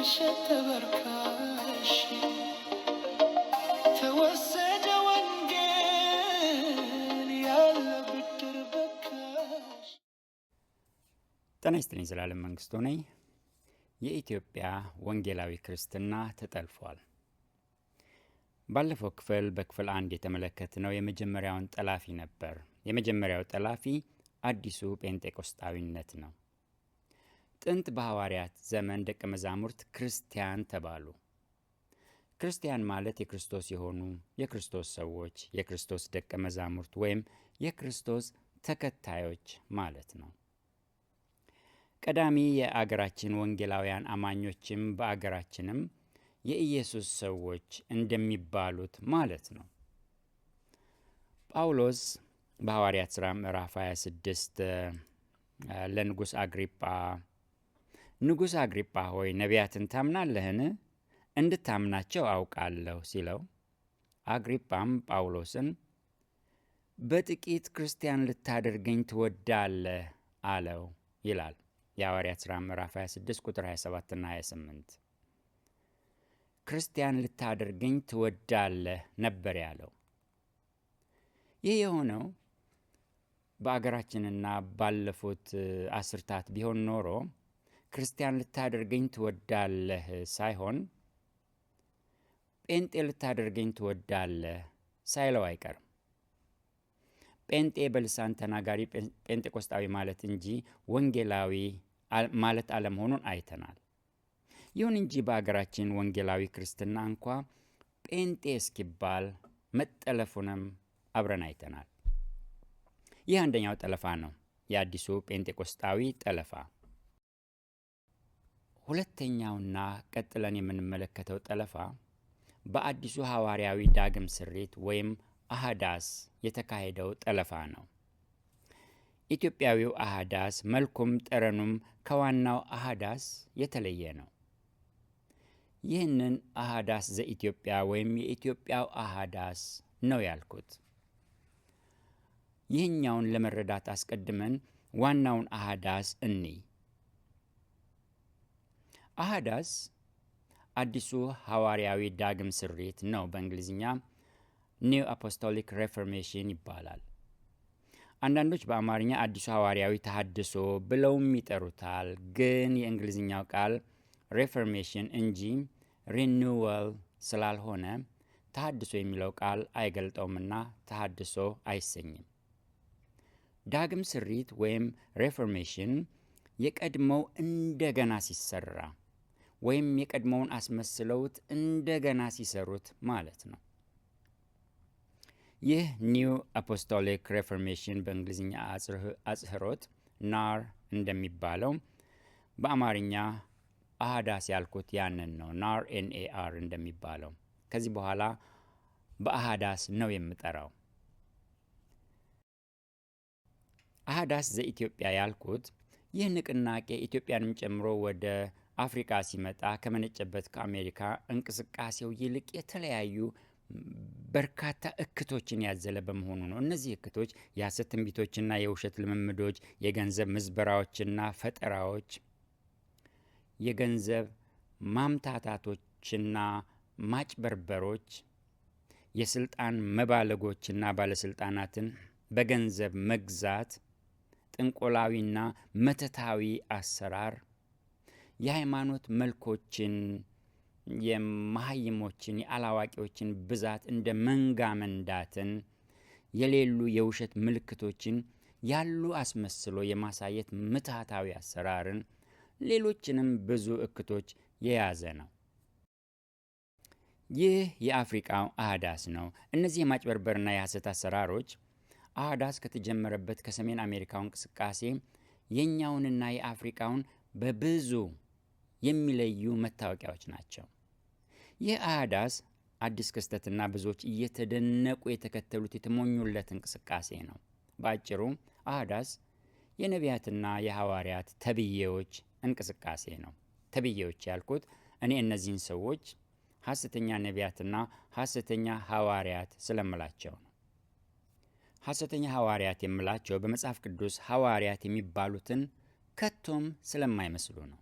እሸት ተበርካሽ ተወሰደ ወንጌል ያለ ብድር በካሽ። ጤና ይስጥልኝ። ዘላለም መንግስቱ ነኝ። የኢትዮጵያ ወንጌላዊ ክርስትና ተጠልፏል። ባለፈው ክፍል በክፍል አንድ የተመለከትነው የመጀመሪያውን ጠላፊ ነበር። የመጀመሪያው ጠላፊ አዲሱ ጴንጤቆስጣዊነት ነው። ጥንት በሐዋርያት ዘመን ደቀ መዛሙርት ክርስቲያን ተባሉ። ክርስቲያን ማለት የክርስቶስ የሆኑ የክርስቶስ ሰዎች፣ የክርስቶስ ደቀ መዛሙርት ወይም የክርስቶስ ተከታዮች ማለት ነው። ቀዳሚ የአገራችን ወንጌላውያን አማኞችም በአገራችንም የኢየሱስ ሰዎች እንደሚባሉት ማለት ነው። ጳውሎስ በሐዋርያት ሥራ ምዕራፍ 26 ለንጉሥ አግሪጳ ንጉሥ አግሪጳ ሆይ ነቢያትን ታምናለህን? እንድታምናቸው አውቃለሁ ሲለው አግሪጳም ጳውሎስን በጥቂት ክርስቲያን ልታደርገኝ ትወዳለህ አለው ይላል የሐዋርያት ሥራ ምዕራፍ 26 ቁጥር 27ና 28። ክርስቲያን ልታደርገኝ ትወዳለህ ነበር ያለው። ይህ የሆነው በአገራችንና ባለፉት አስርታት ቢሆን ኖሮ ክርስቲያን ልታደርገኝ ትወዳለህ ሳይሆን ጴንጤ ልታደርገኝ ትወዳለህ ሳይለው አይቀርም። ጴንጤ በልሳን ተናጋሪ ጴንጤቆስጣዊ ማለት እንጂ ወንጌላዊ ማለት አለመሆኑን አይተናል። ይሁን እንጂ በአገራችን ወንጌላዊ ክርስትና እንኳ ጴንጤ እስኪባል መጠለፉንም አብረን አይተናል። ይህ አንደኛው ጠለፋ ነው፣ የአዲሱ ጴንጤቆስጣዊ ጠለፋ። ሁለተኛውና ቀጥለን የምንመለከተው ጠለፋ በአዲሱ ሐዋርያዊ ዳግም ስሪት ወይም አህዳስ የተካሄደው ጠለፋ ነው። ኢትዮጵያዊው አህዳስ መልኩም ጠረኑም ከዋናው አህዳስ የተለየ ነው። ይህንን አህዳስ ዘኢትዮጵያ ወይም የኢትዮጵያው አህዳስ ነው ያልኩት። ይህኛውን ለመረዳት አስቀድመን ዋናውን አህዳስ እንይ። አህዳስ አዲሱ ሐዋርያዊ ዳግም ስሪት ነው። በእንግሊዝኛ ኒው አፖስቶሊክ ሬፎርሜሽን ይባላል። አንዳንዶች በአማርኛ አዲሱ ሐዋርያዊ ተሃድሶ ብለውም ይጠሩታል። ግን የእንግሊዝኛው ቃል ሬፎርሜሽን እንጂ ሪኒወል ስላልሆነ ተሃድሶ የሚለው ቃል አይገልጠውምና ተሃድሶ አይሰኝም። ዳግም ስሪት ወይም ሬፎርሜሽን የቀድሞው እንደገና ሲሰራ ወይም የቀድሞውን አስመስለውት እንደገና ሲሰሩት ማለት ነው። ይህ ኒው አፖስቶሊክ ሬፎርሜሽን በእንግሊዝኛ አጽህሮት ናር እንደሚባለው በአማርኛ አህዳ ያልኩት ያንን ነው። ናር ኤንኤአር እንደሚባለው ከዚህ በኋላ በአህዳስ ነው የምጠራው። አህዳስ ዘኢትዮጵያ ያልኩት ይህ ንቅናቄ ኢትዮጵያንም ጨምሮ ወደ አፍሪካ ሲመጣ ከመነጨበት ከአሜሪካ እንቅስቃሴው ይልቅ የተለያዩ በርካታ እክቶችን ያዘለ በመሆኑ ነው። እነዚህ እክቶች የሐሰት ትንቢቶችና የውሸት ልምምዶች፣ የገንዘብ ምዝበራዎችና ፈጠራዎች፣ የገንዘብ ማምታታቶችና ማጭበርበሮች፣ የስልጣን መባለጎችና ባለስልጣናትን በገንዘብ መግዛት፣ ጥንቆላዊና መተታዊ አሰራር የሃይማኖት መልኮችን፣ የመሀይሞችን፣ የአላዋቂዎችን ብዛት እንደ መንጋ መንዳትን፣ የሌሉ የውሸት ምልክቶችን ያሉ አስመስሎ የማሳየት ምትሃታዊ አሰራርን፣ ሌሎችንም ብዙ እክቶች የያዘ ነው። ይህ የአፍሪቃው አህዳስ ነው። እነዚህ የማጭበርበርና የሐሰት አሰራሮች አህዳስ ከተጀመረበት ከሰሜን አሜሪካው እንቅስቃሴ የእኛውንና የአፍሪቃውን በብዙ የሚለዩ መታወቂያዎች ናቸው። ይህ አህዳስ አዲስ ክስተትና ብዙዎች እየተደነቁ የተከተሉት የተሞኙለት እንቅስቃሴ ነው። በአጭሩ አህዳስ የነቢያትና የሐዋርያት ተብዬዎች እንቅስቃሴ ነው። ተብዬዎች ያልኩት እኔ እነዚህን ሰዎች ሐሰተኛ ነቢያትና ሐሰተኛ ሐዋርያት ስለምላቸው ነው። ሐሰተኛ ሐዋርያት የምላቸው በመጽሐፍ ቅዱስ ሐዋርያት የሚባሉትን ከቶም ስለማይመስሉ ነው።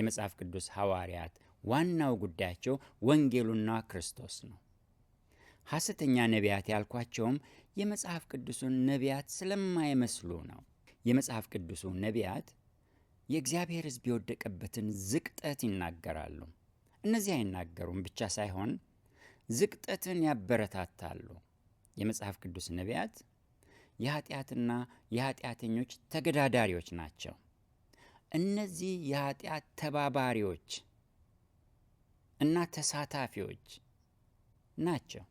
የመጽሐፍ ቅዱስ ሐዋርያት ዋናው ጉዳያቸው ወንጌሉና ክርስቶስ ነው። ሐሰተኛ ነቢያት ያልኳቸውም የመጽሐፍ ቅዱሱን ነቢያት ስለማይመስሉ ነው። የመጽሐፍ ቅዱሱ ነቢያት የእግዚአብሔር ሕዝብ የወደቀበትን ዝቅጠት ይናገራሉ። እነዚህ አይናገሩም ብቻ ሳይሆን ዝቅጠትን ያበረታታሉ። የመጽሐፍ ቅዱስ ነቢያት የኃጢአትና የኃጢአተኞች ተገዳዳሪዎች ናቸው። እነዚህ የኃጢአት ተባባሪዎች እና ተሳታፊዎች ናቸው።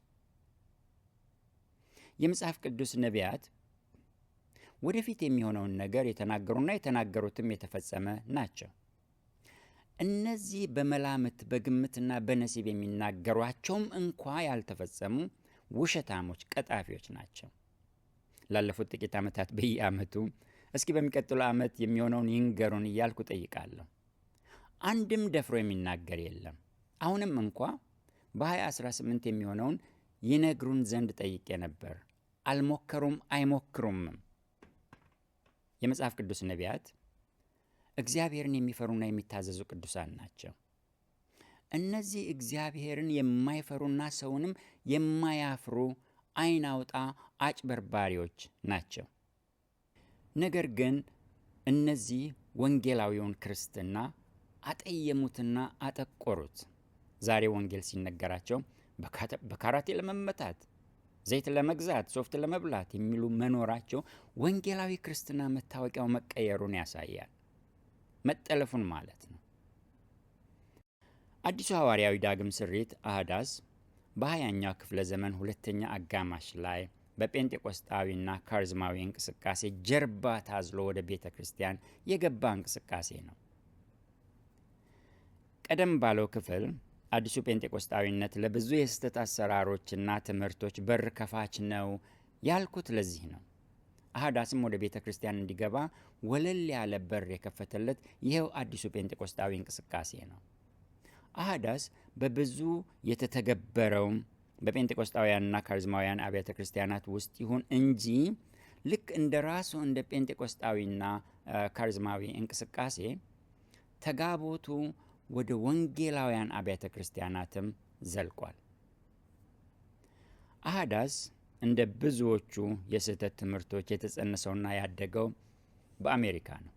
የመጽሐፍ ቅዱስ ነቢያት ወደፊት የሚሆነውን ነገር የተናገሩና የተናገሩትም የተፈጸመ ናቸው። እነዚህ በመላምት በግምትና በነሲብ የሚናገሯቸውም እንኳ ያልተፈጸሙ ውሸታሞች፣ ቀጣፊዎች ናቸው። ላለፉት ጥቂት ዓመታት በየዓመቱ እስኪ በሚቀጥለው ዓመት የሚሆነውን ይንገሩን እያልኩ ጠይቃለሁ። አንድም ደፍሮ የሚናገር የለም። አሁንም እንኳ በ2018 የሚሆነውን ይነግሩን ዘንድ ጠይቄ ነበር። አልሞከሩም፣ አይሞክሩምም። የመጽሐፍ ቅዱስ ነቢያት እግዚአብሔርን የሚፈሩና የሚታዘዙ ቅዱሳን ናቸው። እነዚህ እግዚአብሔርን የማይፈሩና ሰውንም የማያፍሩ አይናውጣ አጭበርባሪዎች ናቸው። ነገር ግን እነዚህ ወንጌላዊውን ክርስትና አጠየሙትና አጠቆሩት። ዛሬ ወንጌል ሲነገራቸው በካራቴ ለመመታት፣ ዘይት ለመግዛት፣ ሶፍት ለመብላት የሚሉ መኖራቸው ወንጌላዊ ክርስትና መታወቂያው መቀየሩን ያሳያል። መጠለፉን ማለት ነው። አዲሱ ሐዋርያዊ ዳግም ስሪት አህዳስ በሀያኛው ክፍለ ዘመን ሁለተኛ አጋማሽ ላይ በጴንጤቆስጣዊና ካርዝማዊ እንቅስቃሴ ጀርባ ታዝሎ ወደ ቤተ ክርስቲያን የገባ እንቅስቃሴ ነው። ቀደም ባለው ክፍል አዲሱ ጴንጤቆስጣዊነት ለብዙ የስህተት አሰራሮችና ትምህርቶች በር ከፋች ነው ያልኩት ለዚህ ነው። አህዳስም ወደ ቤተ ክርስቲያን እንዲገባ ወለል ያለ በር የከፈተለት ይኸው አዲሱ ጴንጤቆስጣዊ እንቅስቃሴ ነው። አህዳስ በብዙ የተተገበረውም በጴንጤቆስጣውያንና ካሪዝማውያን አብያተ ክርስቲያናት ውስጥ ይሁን እንጂ ልክ እንደ ራሱ እንደ ጴንጤቆስጣዊና ካሪዝማዊ እንቅስቃሴ ተጋቦቱ ወደ ወንጌላውያን አብያተ ክርስቲያናትም ዘልቋል። አህዳስ እንደ ብዙዎቹ የስህተት ትምህርቶች የተጸነሰውና ያደገው በአሜሪካ ነው።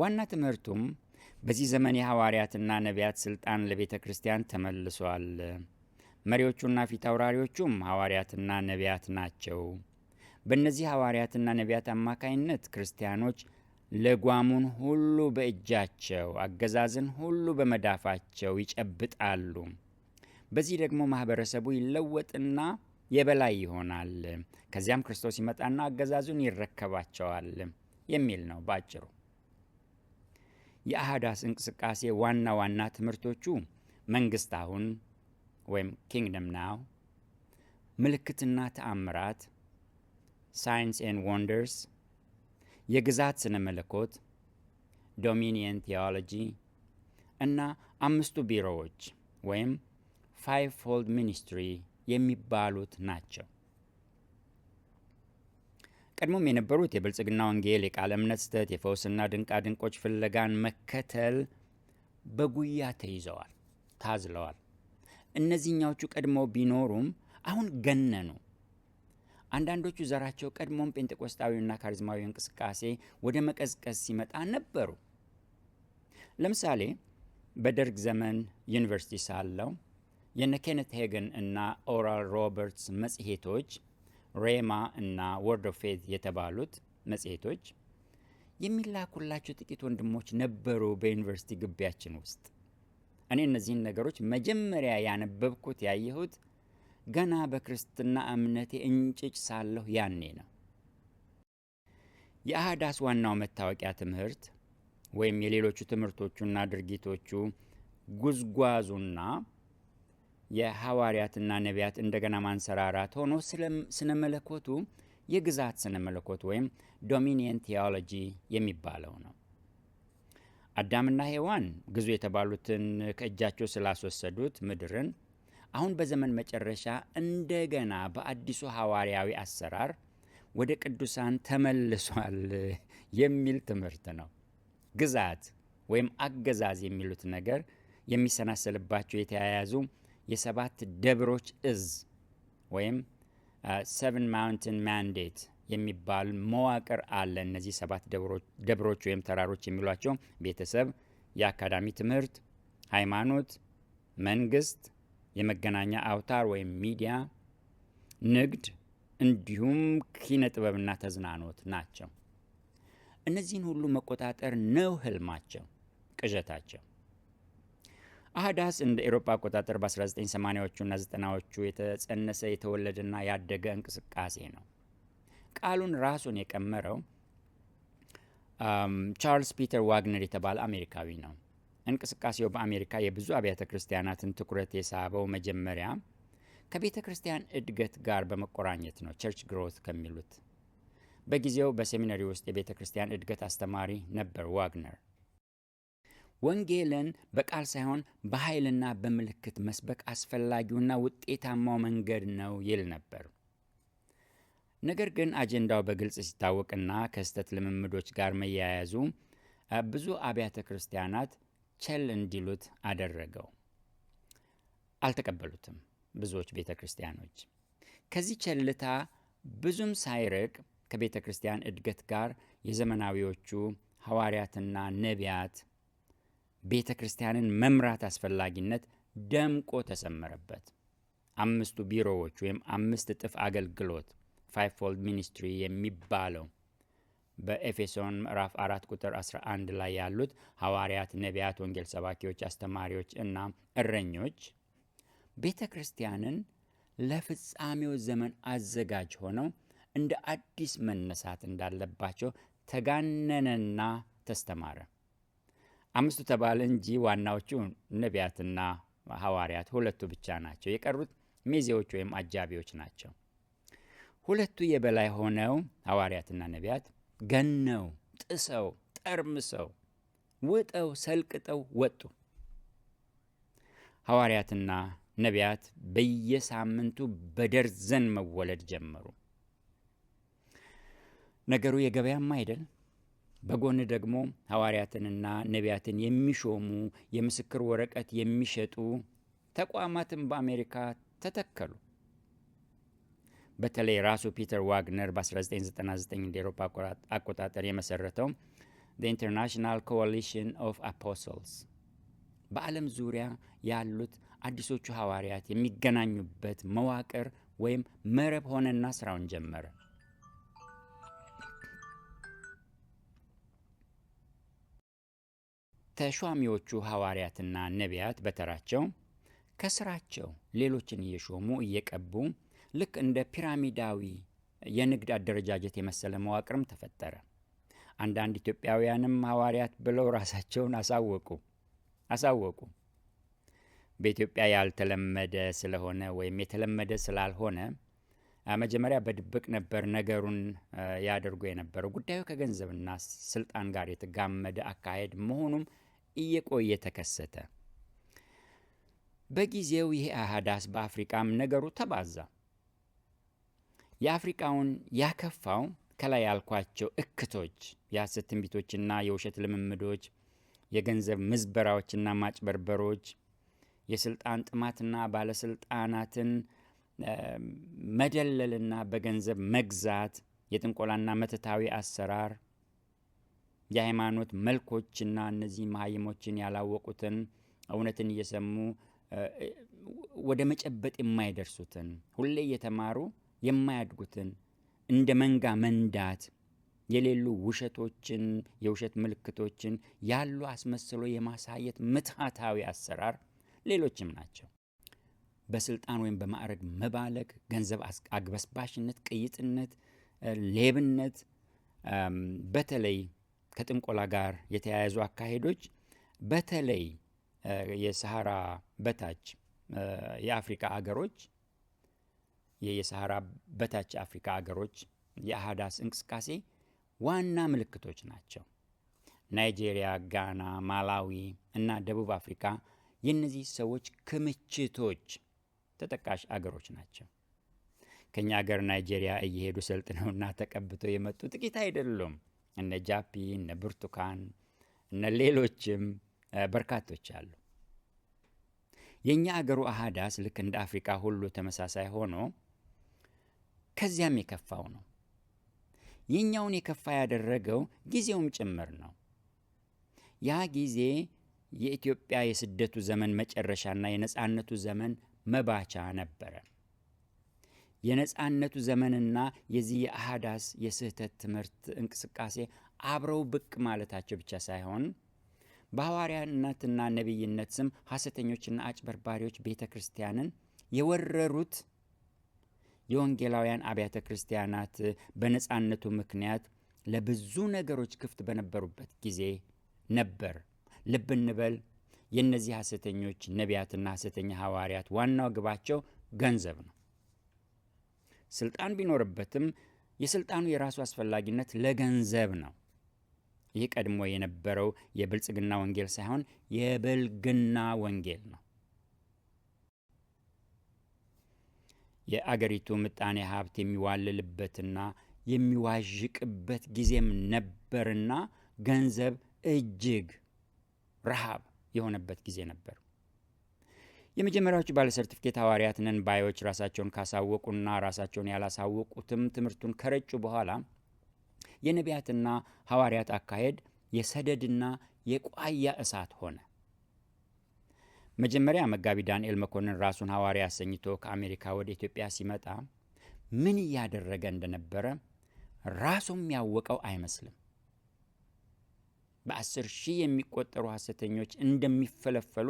ዋና ትምህርቱም በዚህ ዘመን የሐዋርያትና ነቢያት ስልጣን ለቤተ ክርስቲያን ተመልሷል መሪዎቹና ፊት አውራሪዎቹም ሐዋርያትና ነቢያት ናቸው። በእነዚህ ሐዋርያትና ነቢያት አማካይነት ክርስቲያኖች ለጓሙን ሁሉ በእጃቸው አገዛዝን ሁሉ በመዳፋቸው ይጨብጣሉ። በዚህ ደግሞ ማህበረሰቡ ይለወጥና የበላይ ይሆናል። ከዚያም ክርስቶስ ይመጣና አገዛዙን ይረከባቸዋል የሚል ነው በአጭሩ። የአህዳስ እንቅስቃሴ ዋና ዋና ትምህርቶቹ መንግስት አሁን ወይም ኪንግደም ናው፣ ምልክትና ተአምራት ሳይንስ ኤን ወንደርስ፣ የግዛት ስነ መለኮት ዶሚኒየን ቴዎሎጂ እና አምስቱ ቢሮዎች ወይም ፋይቭ ፎልድ ሚኒስትሪ የሚባሉት ናቸው። ቀድሞም የነበሩት የብልጽግና ወንጌል፣ የቃለ እምነት ስህተት፣ የፈውስና ድንቃ ድንቆች ፍለጋን መከተል በጉያ ተይዘዋል፣ ታዝለዋል። እነዚህኛዎቹ ቀድመው ቢኖሩም አሁን ገነኑ። አንዳንዶቹ ዘራቸው ቀድሞም ጴንጤቆስጣዊውና ካሪዝማዊ እንቅስቃሴ ወደ መቀዝቀዝ ሲመጣ ነበሩ። ለምሳሌ በደርግ ዘመን ዩኒቨርሲቲ ሳለው የነ ኬነት ሄገን እና ኦራል ሮበርትስ መጽሔቶች ሬማ እና ወርድ ኦፍ ፌት የተባሉት መጽሔቶች የሚላኩላቸው ጥቂት ወንድሞች ነበሩ በዩኒቨርሲቲ ግቢያችን ውስጥ። እኔ እነዚህን ነገሮች መጀመሪያ ያነበብኩት ያየሁት ገና በክርስትና እምነቴ እንጭጭ ሳለሁ ያኔ ነው። የአህዳስ ዋናው መታወቂያ ትምህርት ወይም የሌሎቹ ትምህርቶቹና ድርጊቶቹ ጉዝጓዙና የሐዋርያትና ነቢያት እንደገና ማንሰራራት ሆኖ ስነ መለኮቱ የግዛት ስነ መለኮት ወይም ዶሚኒየን ቴዎሎጂ የሚባለው ነው። አዳምና ሔዋን ግዙ የተባሉትን ከእጃቸው ስላስወሰዱት ምድርን አሁን በዘመን መጨረሻ እንደገና በአዲሱ ሐዋርያዊ አሰራር ወደ ቅዱሳን ተመልሷል የሚል ትምህርት ነው። ግዛት ወይም አገዛዝ የሚሉት ነገር የሚሰናሰልባቸው የተያያዙ የሰባት ደብሮች እዝ ወይም ሰቨን ማውንቴን ማንዴት የሚባል መዋቅር አለ። እነዚህ ሰባት ደብሮች ወይም ተራሮች የሚሏቸው ቤተሰብ፣ የአካዳሚ ትምህርት፣ ሃይማኖት፣ መንግስት፣ የመገናኛ አውታር ወይም ሚዲያ፣ ንግድ እንዲሁም ኪነ ጥበብና ተዝናኖት ናቸው። እነዚህን ሁሉ መቆጣጠር ነው ህልማቸው፣ ቅዠታቸው። አህዳስ እንደ ኤሮፓ አቆጣጠር በ1980ዎቹና 90ዎቹ የተጸነሰ የተወለደና ያደገ እንቅስቃሴ ነው። ቃሉን ራሱን የቀመረው ቻርልስ ፒተር ዋግነር የተባለ አሜሪካዊ ነው። እንቅስቃሴው በአሜሪካ የብዙ አብያተ ክርስቲያናትን ትኩረት የሳበው መጀመሪያ ከቤተ ክርስቲያን እድገት ጋር በመቆራኘት ነው፣ ቸርች ግሮት ከሚሉት። በጊዜው በሴሚነሪ ውስጥ የቤተ ክርስቲያን እድገት አስተማሪ ነበር ዋግነር። ወንጌልን በቃል ሳይሆን በኃይልና በምልክት መስበክ አስፈላጊውና ውጤታማው መንገድ ነው ይል ነበር። ነገር ግን አጀንዳው በግልጽ ሲታወቅና ከስህተት ልምምዶች ጋር መያያዙ ብዙ አብያተ ክርስቲያናት ቸል እንዲሉት አደረገው። አልተቀበሉትም ብዙዎች ቤተ ክርስቲያኖች። ከዚህ ቸልታ ብዙም ሳይርቅ ከቤተ ክርስቲያን እድገት ጋር የዘመናዊዎቹ ሐዋርያትና ነቢያት ቤተ ክርስቲያንን መምራት አስፈላጊነት ደምቆ ተሰመረበት። አምስቱ ቢሮዎች ወይም አምስት እጥፍ አገልግሎት ፋይፎልድ ሚኒስትሪ የሚባለው በኤፌሶን ምዕራፍ አራት ቁጥር 11 ላይ ያሉት ሐዋርያት፣ ነቢያት፣ ወንጌል ሰባኪዎች፣ አስተማሪዎች እና እረኞች ቤተ ክርስቲያንን ለፍጻሜው ዘመን አዘጋጅ ሆነው እንደ አዲስ መነሳት እንዳለባቸው ተጋነነና ተስተማረ። አምስቱ ተባለ እንጂ ዋናዎቹ ነቢያትና ሐዋርያት ሁለቱ ብቻ ናቸው። የቀሩት ሚዜዎች ወይም አጃቢዎች ናቸው። ሁለቱ የበላይ ሆነው ሐዋርያትና ነቢያት ገነው፣ ጥሰው፣ ጠርምሰው፣ ውጠው፣ ሰልቅጠው ወጡ። ሐዋርያትና ነቢያት በየሳምንቱ በደርዘን መወለድ ጀመሩ። ነገሩ የገበያም አይደል። በጎን ደግሞ ሐዋርያትንና ነቢያትን የሚሾሙ የምስክር ወረቀት የሚሸጡ ተቋማትን በአሜሪካ ተተከሉ። በተለይ ራሱ ፒተር ዋግነር በ1999 እንደ ኤሮፓ አቆጣጠር የመሰረተው ኢንተርናሽናል ኮሊሽን ኦፍ አፖስትልስ በዓለም ዙሪያ ያሉት አዲሶቹ ሐዋርያት የሚገናኙበት መዋቅር ወይም መረብ ሆነና ስራውን ጀመረ። ተሿሚዎቹ ሐዋርያትና ነቢያት በተራቸው ከስራቸው ሌሎችን እየሾሙ እየቀቡ ልክ እንደ ፒራሚዳዊ የንግድ አደረጃጀት የመሰለ መዋቅርም ተፈጠረ። አንዳንድ ኢትዮጵያውያንም ሐዋርያት ብለው ራሳቸውን አሳወቁ አሳወቁ በኢትዮጵያ ያልተለመደ ስለሆነ ወይም የተለመደ ስላልሆነ መጀመሪያ በድብቅ ነበር ነገሩን ያደርጉ የነበረው። ጉዳዩ ከገንዘብና ስልጣን ጋር የተጋመደ አካሄድ መሆኑም እየቆየ ተከሰተ። በጊዜው ይሄ አህዳስ በአፍሪካም ነገሩ ተባዛ። የአፍሪቃውን ያከፋው ከላይ ያልኳቸው እክቶች፣ የሐሰት ትንቢቶችና የውሸት ልምምዶች፣ የገንዘብ ምዝበራዎችና ማጭበርበሮች፣ የስልጣን ጥማትና ባለስልጣናትን መደለልና በገንዘብ መግዛት፣ የጥንቆላና መተታዊ አሰራር፣ የሃይማኖት መልኮችና እነዚህ መሀይሞችን ያላወቁትን እውነትን እየሰሙ ወደ መጨበጥ የማይደርሱትን ሁሌ እየተማሩ የማያድጉትን እንደ መንጋ መንዳት የሌሉ ውሸቶችን፣ የውሸት ምልክቶችን ያሉ አስመስሎ የማሳየት ምትሃታዊ አሰራር ሌሎችም ናቸው። በስልጣን ወይም በማዕረግ መባለግ፣ ገንዘብ አግበስባሽነት፣ ቅይጥነት፣ ሌብነት፣ በተለይ ከጥንቆላ ጋር የተያያዙ አካሄዶች በተለይ የሰሃራ በታች የአፍሪካ አገሮች የየሰሐራ በታች አፍሪካ አገሮች የአህዳስ እንቅስቃሴ ዋና ምልክቶች ናቸው። ናይጄሪያ፣ ጋና፣ ማላዊ እና ደቡብ አፍሪካ የእነዚህ ሰዎች ክምችቶች ተጠቃሽ አገሮች ናቸው። ከእኛ አገር ናይጄሪያ እየሄዱ ሰልጥነውና ተቀብተው የመጡ ጥቂት አይደሉም። እነ ጃፒ፣ እነ ብርቱካን፣ እነ ሌሎችም በርካቶች አሉ። የእኛ አገሩ አህዳስ ልክ እንደ አፍሪካ ሁሉ ተመሳሳይ ሆኖ ከዚያም የከፋው ነው። የኛውን የከፋ ያደረገው ጊዜውም ጭምር ነው። ያ ጊዜ የኢትዮጵያ የስደቱ ዘመን መጨረሻና የነፃነቱ ዘመን መባቻ ነበረ። የነፃነቱ ዘመንና የዚህ የአህዳስ የስህተት ትምህርት እንቅስቃሴ አብረው ብቅ ማለታቸው ብቻ ሳይሆን በሐዋርያነትና ነቢይነት ስም ሐሰተኞችና አጭበርባሪዎች ቤተ ክርስቲያንን የወረሩት የወንጌላውያን አብያተ ክርስቲያናት በነፃነቱ ምክንያት ለብዙ ነገሮች ክፍት በነበሩበት ጊዜ ነበር። ልብ እንበል፣ የእነዚህ ሐሰተኞች ነቢያትና ሐሰተኛ ሐዋርያት ዋናው ግባቸው ገንዘብ ነው። ስልጣን ቢኖርበትም የስልጣኑ የራሱ አስፈላጊነት ለገንዘብ ነው። ይህ ቀድሞ የነበረው የብልጽግና ወንጌል ሳይሆን የብልግና ወንጌል ነው። የአገሪቱ ምጣኔ ሀብት የሚዋልልበትና የሚዋዥቅበት ጊዜም ነበርና ገንዘብ እጅግ ረሃብ የሆነበት ጊዜ ነበር። የመጀመሪያዎቹ ባለሰርቲፊኬት ሐዋርያት ነን ባዮች ራሳቸውን ካሳወቁና ራሳቸውን ያላሳወቁትም ትምህርቱን ከረጩ በኋላ የነቢያትና ሐዋርያት አካሄድ የሰደድና የቋያ እሳት ሆነ። መጀመሪያ መጋቢ ዳንኤል መኮንን ራሱን ሐዋርያ አሰኝቶ ከአሜሪካ ወደ ኢትዮጵያ ሲመጣ ምን እያደረገ እንደነበረ ራሱም ያወቀው አይመስልም። በአስር ሺህ የሚቆጠሩ ሐሰተኞች እንደሚፈለፈሉ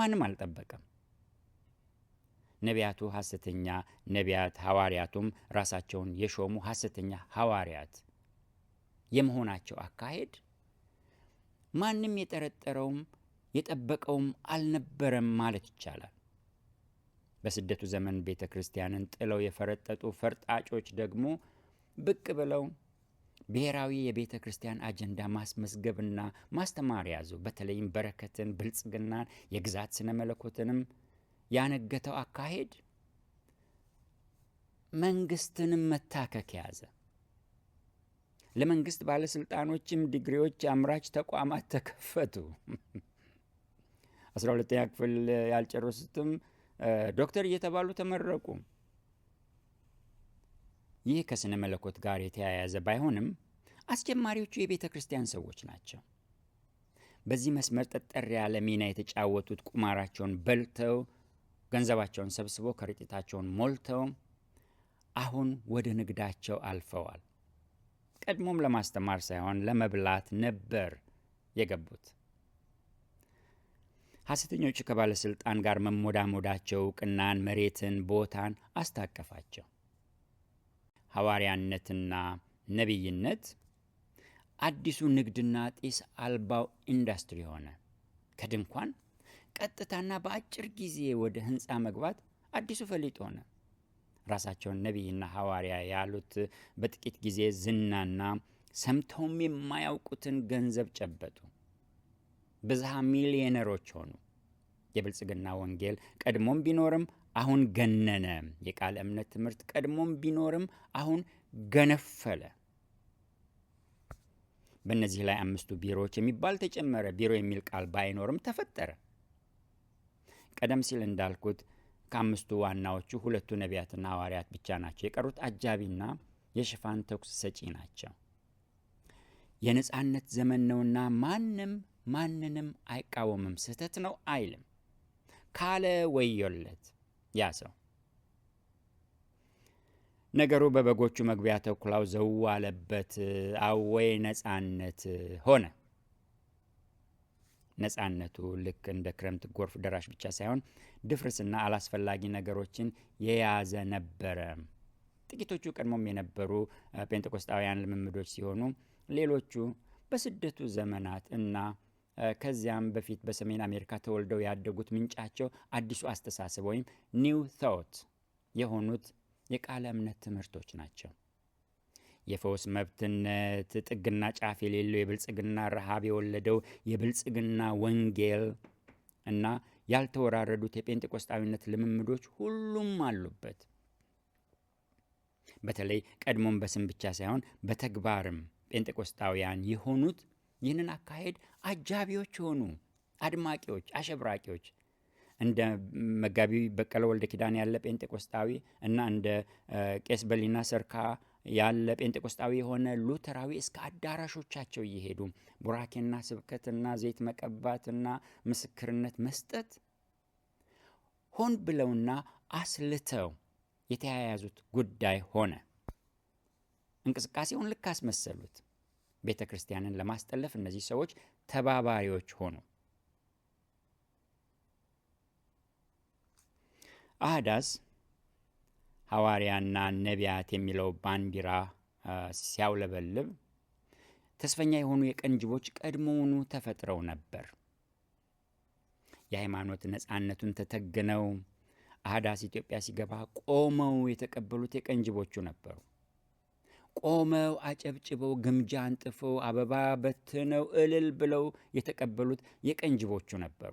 ማንም አልጠበቀም። ነቢያቱ ሐሰተኛ ነቢያት፣ ሐዋርያቱም ራሳቸውን የሾሙ ሐሰተኛ ሐዋርያት የመሆናቸው አካሄድ ማንም የጠረጠረውም የጠበቀውም አልነበረም ማለት ይቻላል። በስደቱ ዘመን ቤተ ክርስቲያንን ጥለው የፈረጠጡ ፈርጣጮች ደግሞ ብቅ ብለው ብሔራዊ የቤተ ክርስቲያን አጀንዳ ማስመዝገብና ማስተማር ያዙ። በተለይም በረከትን፣ ብልጽግናን፣ የግዛት ስነ መለኮትንም ያነገተው አካሄድ መንግስትንም መታከክ ያዘ። ለመንግስት ባለስልጣኖችም ዲግሪዎች አምራች ተቋማት ተከፈቱ። አስራ ሁለተኛ ክፍል ያልጨረሱትም ዶክተር እየተባሉ ተመረቁ። ይህ ከስነ መለኮት ጋር የተያያዘ ባይሆንም አስጀማሪዎቹ የቤተ ክርስቲያን ሰዎች ናቸው። በዚህ መስመር ጠጠር ያለ ሚና የተጫወቱት ቁማራቸውን በልተው ገንዘባቸውን ሰብስበው ከረጢታቸውን ሞልተው አሁን ወደ ንግዳቸው አልፈዋል። ቀድሞም ለማስተማር ሳይሆን ለመብላት ነበር የገቡት። ሐሰተኞቹ ከባለሥልጣን ጋር መሞዳሞዳቸው እውቅናን፣ መሬትን፣ ቦታን አስታቀፋቸው። ሐዋርያነትና ነቢይነት አዲሱ ንግድና ጢስ አልባው ኢንዱስትሪ ሆነ። ከድንኳን ቀጥታና በአጭር ጊዜ ወደ ሕንፃ መግባት አዲሱ ፈሊጥ ሆነ። ራሳቸውን ነቢይና ሐዋርያ ያሉት በጥቂት ጊዜ ዝናና ሰምተውም የማያውቁትን ገንዘብ ጨበጡ። ብዝሃ ሚሊዮነሮች ሆኑ። የብልጽግና ወንጌል ቀድሞም ቢኖርም አሁን ገነነ። የቃለ እምነት ትምህርት ቀድሞም ቢኖርም አሁን ገነፈለ። በእነዚህ ላይ አምስቱ ቢሮዎች የሚባል ተጨመረ። ቢሮ የሚል ቃል ባይኖርም ተፈጠረ። ቀደም ሲል እንዳልኩት ከአምስቱ ዋናዎቹ ሁለቱ ነቢያትና ሐዋርያት ብቻ ናቸው። የቀሩት አጃቢና የሽፋን ተኩስ ሰጪ ናቸው። የነጻነት ዘመን ነውና ማንም ማንንም አይቃወምም። ስህተት ነው አይልም። ካለ ወዮለት ያ ሰው። ነገሩ በበጎቹ መግቢያ ተኩላው ዘዋለበት አወይ ነፃነት ሆነ። ነፃነቱ ልክ እንደ ክረምት ጎርፍ ደራሽ ብቻ ሳይሆን ድፍርስና አላስፈላጊ ነገሮችን የያዘ ነበረ። ጥቂቶቹ ቀድሞም የነበሩ ጴንጤቆስጣውያን ልምምዶች ሲሆኑ ሌሎቹ በስደቱ ዘመናት እና ከዚያም በፊት በሰሜን አሜሪካ ተወልደው ያደጉት ምንጫቸው አዲሱ አስተሳሰብ ወይም ኒው ቶት የሆኑት የቃለ እምነት ትምህርቶች ናቸው። የፈውስ መብትነት፣ ጥግና ጫፍ የሌለው የብልጽግና ረሃብ የወለደው የብልጽግና ወንጌል እና ያልተወራረዱት የጴንጤቆስጣዊነት ልምምዶች ሁሉም አሉበት። በተለይ ቀድሞም በስም ብቻ ሳይሆን በተግባርም ጴንጤቆስጣውያን የሆኑት ይህንን አካሄድ አጃቢዎች የሆኑ አድማቂዎች፣ አሸብራቂዎች እንደ መጋቢ በቀለ ወልደ ኪዳን ያለ ጴንጤቆስጣዊ እና እንደ ቄስ በሊና ሰርካ ያለ ጴንጤቆስጣዊ የሆነ ሉተራዊ እስከ አዳራሾቻቸው እየሄዱ ቡራኬና ስብከትና ዘይት መቀባትና ምስክርነት መስጠት ሆን ብለውና አስልተው የተያያዙት ጉዳይ ሆነ። እንቅስቃሴውን ልክ አስመሰሉት። ቤተ ክርስቲያንን ለማስጠለፍ እነዚህ ሰዎች ተባባሪዎች ሆኑ። አህዳስ ሐዋርያና ነቢያት የሚለው ባንዲራ ሲያውለበልብ ተስፈኛ የሆኑ የቀንጅቦች ቀድሞውኑ ተፈጥረው ነበር። የሃይማኖት ነፃነቱን ተተግነው አህዳስ ኢትዮጵያ ሲገባ ቆመው የተቀበሉት የቀንጅቦቹ ነበሩ። ቆመው አጨብጭበው ግምጃ አንጥፈው አበባ በትነው እልል ብለው የተቀበሉት የቀንጅቦቹ ነበሩ።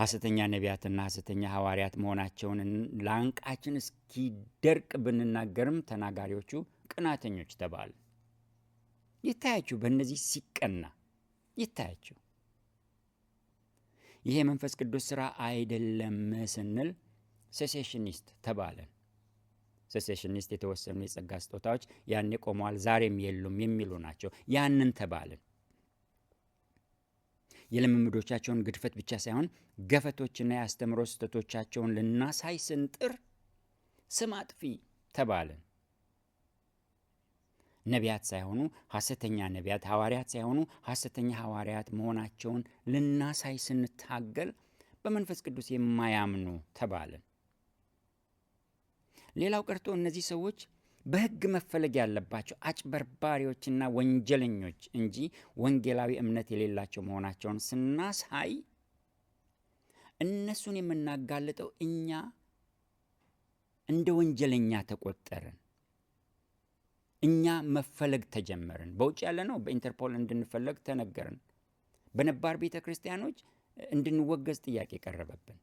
ሐሰተኛ ነቢያትና ሐሰተኛ ሐዋርያት መሆናቸውን ላንቃችን እስኪደርቅ ብንናገርም ተናጋሪዎቹ ቅናተኞች ተባሉ። ይታያችሁ፣ በእነዚህ ሲቀና ይታያችሁ። ይሄ መንፈስ ቅዱስ ሥራ አይደለም ስንል ሴሴሽኒስት ተባለን። ሴሴሽኒስት የተወሰኑ የጸጋ ስጦታዎች ያኔ ቆመዋል፣ ዛሬም የሉም የሚሉ ናቸው። ያንን ተባልን። የልምምዶቻቸውን ግድፈት ብቻ ሳይሆን ገፈቶችና የአስተምሮ ስህተቶቻቸውን ልናሳይ ስንጥር ስም አጥፊ ተባልን። ነቢያት ሳይሆኑ ሐሰተኛ ነቢያት፣ ሐዋርያት ሳይሆኑ ሐሰተኛ ሐዋርያት መሆናቸውን ልናሳይ ስንታገል በመንፈስ ቅዱስ የማያምኑ ተባልን። ሌላው ቀርቶ እነዚህ ሰዎች በህግ መፈለግ ያለባቸው አጭበርባሪዎችና ወንጀለኞች እንጂ ወንጌላዊ እምነት የሌላቸው መሆናቸውን ስናሳይ እነሱን የምናጋልጠው እኛ እንደ ወንጀለኛ ተቆጠርን። እኛ መፈለግ ተጀመርን። በውጭ ያለ ነው በኢንተርፖል እንድንፈለግ ተነገርን። በነባር ቤተ ክርስቲያኖች እንድንወገዝ ጥያቄ ቀረበብን።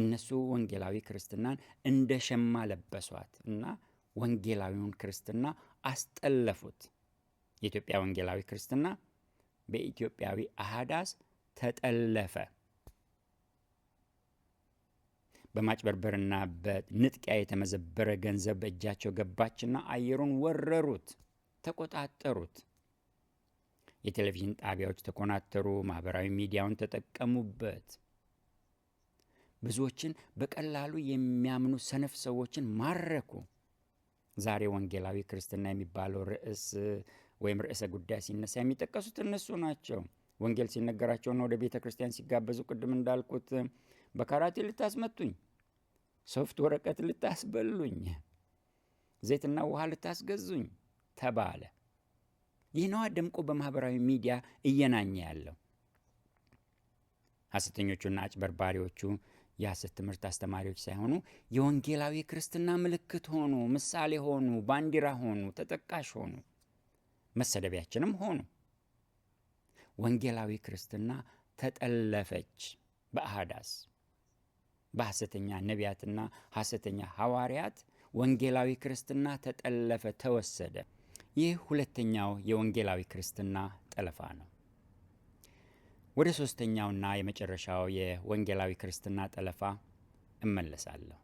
እነሱ ወንጌላዊ ክርስትናን እንደ ሸማ ለበሷት እና ወንጌላዊውን ክርስትና አስጠለፉት። የኢትዮጵያ ወንጌላዊ ክርስትና በኢትዮጵያዊ አህዳስ ተጠለፈ። በማጭበርበርና በንጥቂያ የተመዘበረ ገንዘብ በእጃቸው ገባችና አየሩን ወረሩት፣ ተቆጣጠሩት። የቴሌቪዥን ጣቢያዎች ተኮናተሩ፣ ማህበራዊ ሚዲያውን ተጠቀሙበት። ብዙዎችን በቀላሉ የሚያምኑ ሰነፍ ሰዎችን ማረኩ። ዛሬ ወንጌላዊ ክርስትና የሚባለው ርዕስ ወይም ርዕሰ ጉዳይ ሲነሳ የሚጠቀሱት እነሱ ናቸው። ወንጌል ሲነገራቸውና ወደ ቤተ ክርስቲያን ሲጋበዙ ቅድም እንዳልኩት በካራቴ ልታስመቱኝ፣ ሶፍት ወረቀት ልታስበሉኝ፣ ዘይትና ውሃ ልታስገዙኝ ተባለ። ይህ ነዋ ደምቆ በማህበራዊ ሚዲያ እየናኘ ያለው። ሐሰተኞቹና አጭበርባሪዎቹ የሐሰት ትምህርት አስተማሪዎች ሳይሆኑ የወንጌላዊ ክርስትና ምልክት ሆኑ፣ ምሳሌ ሆኑ፣ ባንዲራ ሆኑ፣ ተጠቃሽ ሆኑ፣ መሰደቢያችንም ሆኑ። ወንጌላዊ ክርስትና ተጠለፈች በአህዳስ በሐሰተኛ ነቢያትና ሐሰተኛ ሐዋርያት ወንጌላዊ ክርስትና ተጠለፈ፣ ተወሰደ። ይህ ሁለተኛው የወንጌላዊ ክርስትና ጠለፋ ነው። ወደ ሶስተኛውና የመጨረሻው የወንጌላዊ ክርስትና ጠለፋ እመለሳለሁ።